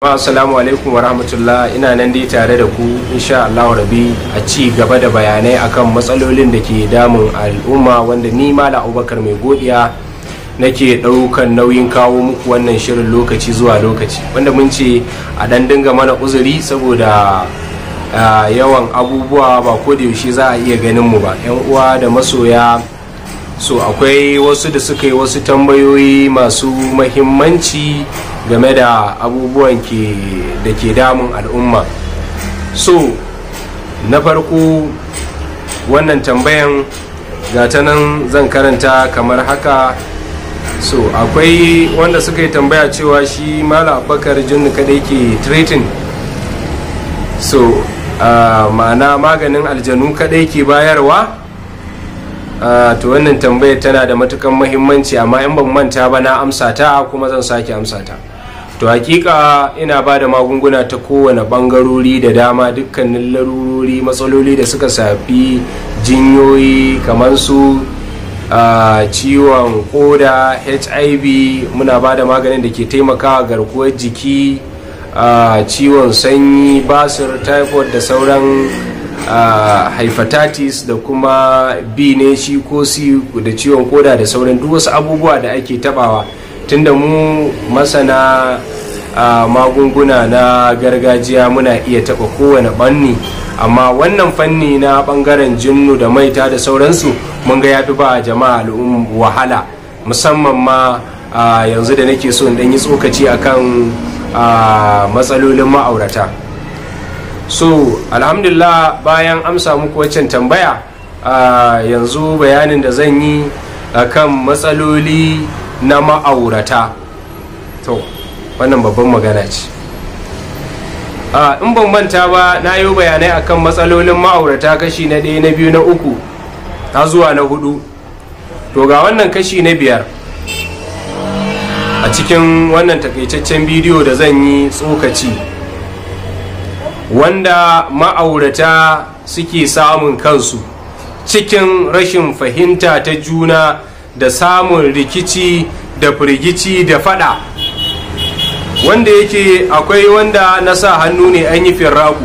Assalamu alaikum warahmatullah ina nan dai tare da ku insha Allah rabi a ci gaba da bayanai akan matsalolin da ke damun al'umma wanda ni mala abubakar mai godiya nake ɗaukan nauyin kawo muku wannan shirin lokaci zuwa lokaci wanda mun ce a dan dinga mana uzuri saboda yawan abubuwa ba ko da yaushe za a iya ganin mu ba yan uwa da masoya so akwai wasu da suka yi wasu tambayoyi masu mahimmanci game da abubuwan da ke damun al'umma so na farko wannan tambayan ta nan zan karanta kamar haka so akwai wanda suka yi tambaya cewa shi mala abakar jinnu kada yake treating so uh, ma'ana maganin aljanu kadai ke bayarwa uh, to wannan tambayar tana da matukan mahimmanci amma in ban manta ba na amsa ta kuma zan sake amsa ta to hakika ina ba da magunguna ta kowane bangarori da dama dukkanin larurori matsaloli da suka safi jinyoyi kamar su ciwon koda hiv muna ba da maganin da ke taimakawa garkuwar jiki ciwon sanyi basir typhoid da sauran hepatitis da kuma b ne shi ko c da ciwon koda da sauran duk wasu abubuwa da ake tabawa tunda mu masana a magunguna na gargajiya muna iya taɓa kowane banni amma wannan fanni na ɓangaren jinnu da maita da sauransu mun ga ya fi ba jama'a al'um wahala musamman ma yanzu da nake so in yi tsokaci akan matsalolin ma'aurata so alhamdulillah bayan amsa muku waccan tambaya yanzu bayanin da zan yi akan matsaloli na ma'aurata to wannan babban magana ce in ban manta ba na yi bayanai akan matsalolin ma'aurata kashi na ɗaya na biyu na uku ta zuwa na hudu to ga wannan kashi na biyar a cikin wannan takaitaccen bidiyo da zan yi tsokaci wanda ma'aurata suke samun kansu cikin rashin fahimta ta juna da samun rikici da firgici da fada wanda yake akwai wanda na sa hannu ne an yi firraku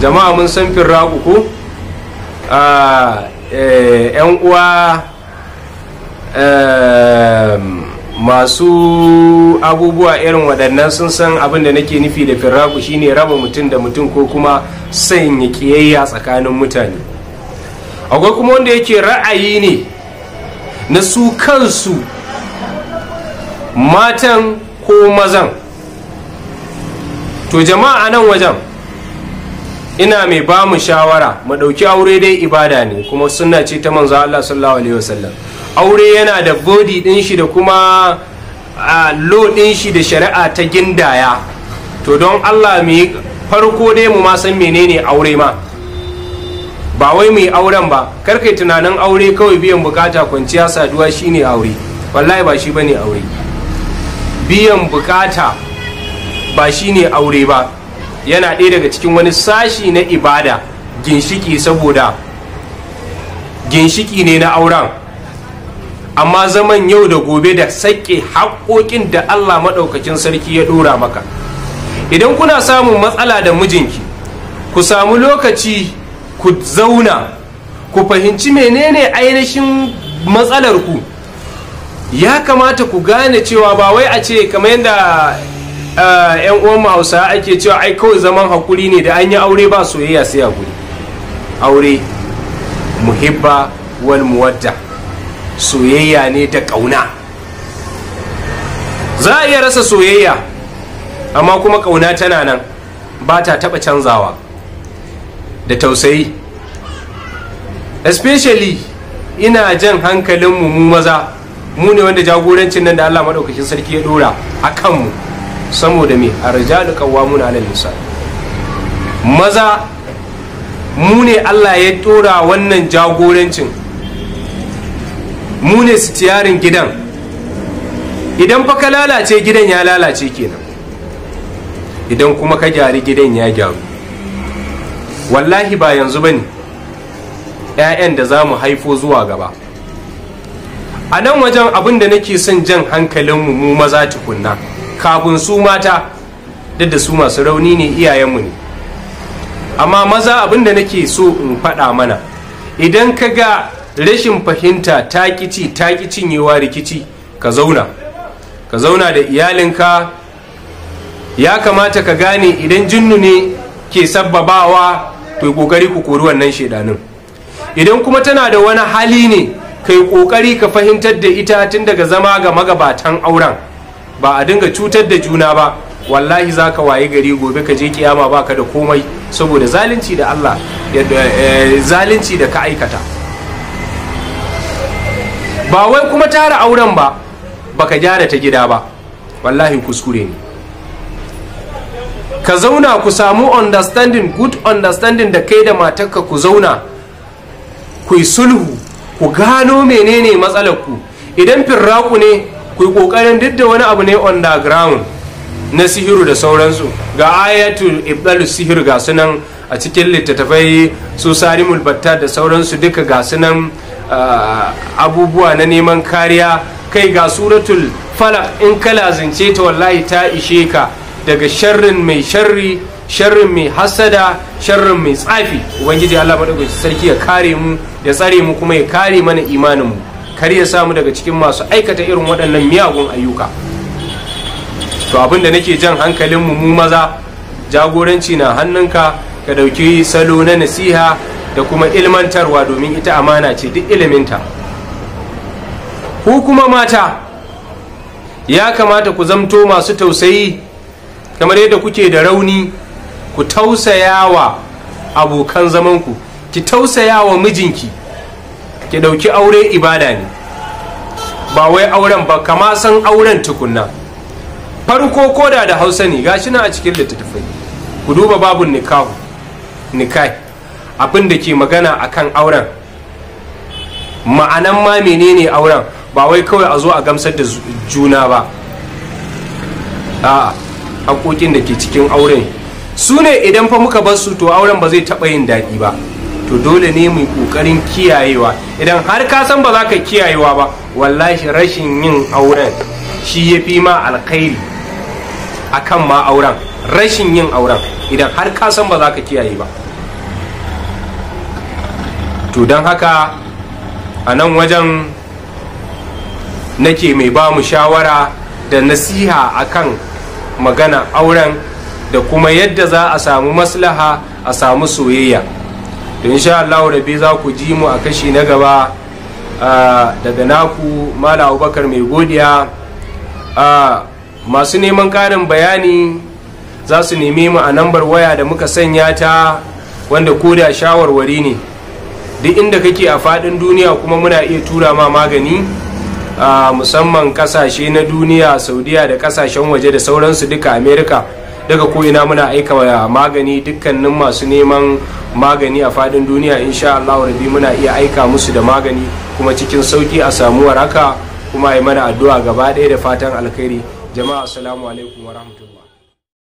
jama'a mun san firraku ko yan e, uwa e, masu abubuwa irin waɗannan sun san abin da nake nufi da firraku shine raba mutum da mutum ko kuma sanya kiyayya tsakanin mutane akwai kuma wanda yake ra'ayi ne na su kansu matan ko mazan to jama'a nan wajen ina mai ba mu shawara mu ɗauki aure dai ibada ne kuma suna ce ta manzo Allah sallallahu alaihi wasallam aure yana da bodi ɗin shi da kuma lo ɗin shi da shari'a ta gindaya to don Allah mu yi farko dai mu ma san menene aure ma ba wai mai auren ba kar tunanin aure kawai biyan bukata kwanciya saduwa shine aure wallahi ba shi bane aure biyan bukata ba shine aure ba yana ɗaya daga cikin wani sashi na ibada ginshiki saboda ginshiki ne na auren amma zaman yau da gobe da sake haƙoƙin da Allah maɗaukacin sarki ya ɗora maka idan kuna samun matsala da mijinki ku samu lokaci ku zauna ku fahimci menene ainihin matsalar ku ya kamata ku gane cewa ba wai a ce kamar yadda yan eh, uwan hausa ake cewa ai kawai zaman hakuri ne da an yi aure ba soyayya sai hakuri aure muhibba wal muwadda soyayya ne da ƙauna za a iya rasa soyayya amma kuma ƙauna tana nan ba ta taɓa canzawa da tausayi especially ina jan hankalinmu mu maza mu ne wanda jagorancin nan da Allah maɗaukakin sarki ya ɗora a kanmu saboda me a rajalu kawamuna nan nisa maza mu ne Allah ya ɗora wannan jagorancin mu ne sitiyarin gidan idan fa ka lalace gidan ya lalace kenan idan kuma ka gyari gidan ya gyaru wallahi ba yanzu ba ne 'ya'yan da za mu haifo zuwa gaba a nan wajen abin da nake son jan hankalinmu mu maza tukunna kafin su mata duk da su masu rauni ne iyayenmu ne amma maza abin da nake so in faɗa mana idan ka ga rashin fahimta ta kici ta cinyewa rikici ka zauna ka zauna da iyalinka ya kamata ka gane idan jinnu ne ke sabbabawa to kokari ku kori wannan shedanin idan kuma tana da wani hali ne kai kokari ka fahimtar da ita tun daga zama ga magabatan auren ba a dinga cutar da juna ba wallahi za ka waye gari gobe ka je kiyama ba ka da komai saboda zalunci da Allah eh, eh, zalunci da ka aikata ba wai kuma tara auren ba baka gyara ta gida ba wallahi kuskure ne ka zauna ku samu understanding good understanding da kai da matarka ku zauna ku yi sulhu ku gano menene matsalar ku idan firraku ne ku yi kokarin duk da wani abu ne underground na sihiru da sauransu ga ayatul ibdalu sihir ga sunan a cikin littattafai su salimul batta da sauransu duka ga sunan ah, abubuwa na neman kariya kai ga suratul falak in ka lazince ta wallahi ta ishe ka daga sharrin mai sharri sharrin mai hasada sharrin mai tsafi ubangiji Allah madaukaki sarki ya kare mu ya tsare mu kuma ya kare mana imanin mu kar ya samu daga cikin masu aikata irin waɗannan miyagun ayyuka to abin da nake jan hankalin mu mu maza jagoranci na hannunka ka dauki salo na nasiha da kuma ilmantarwa domin ita amana ce duk iliminta ku kuma mata ya kamata ku zamto masu tausayi kamar yadda kuke da rauni ku tausaya wa abokan zamanku ki tausaya wa mijinki ki ɗauki aure ibada ne ba wai auren ba kama san auren tukunna farko koda da hausa ne shi na a cikin littattafai ku duba babun nikahu nikahi abin da ke magana akan auren ma'anan ma menene auren ba wai kawai a zo a gamsar da juna ba a'a haƙoƙin da ke cikin auren su ne idan fa muka bar su to auren ba zai taɓa yin daɗi ba to dole ne mu ƙoƙarin kiyayewa idan har ka san ba za ka kiyayewa ba wallahi rashin yin auren shi ya fi ma alkhairi akan ma auren rashin yin auren idan har ka san ba za ka kiyaye ba to don haka a nan wajen nake mai ba mu shawara da nasiha akan magana auren da kuma yadda za a samu maslaha a samu soyayya to insha Allah rabi za ku ji mu a kashi na gaba daga naku mala abubakar mai godiya masu neman karin bayani za su neme mu a nambar waya da muka sanya ta wanda koda shawarwari ne duk inda kake a faɗin duniya kuma muna iya tura ma magani A musamman kasashe na duniya saudiya da kasashen waje da sauransu duka amerika daga ko'ina muna aika magani dukkanin masu neman magani a fadin duniya insha Allah rabi muna iya aika musu da magani kuma cikin sauki a samu waraka kuma yi mana addu'a gaba ɗaya da fatan alkhairi jama'a assalamu alaikum wa rahmatullahi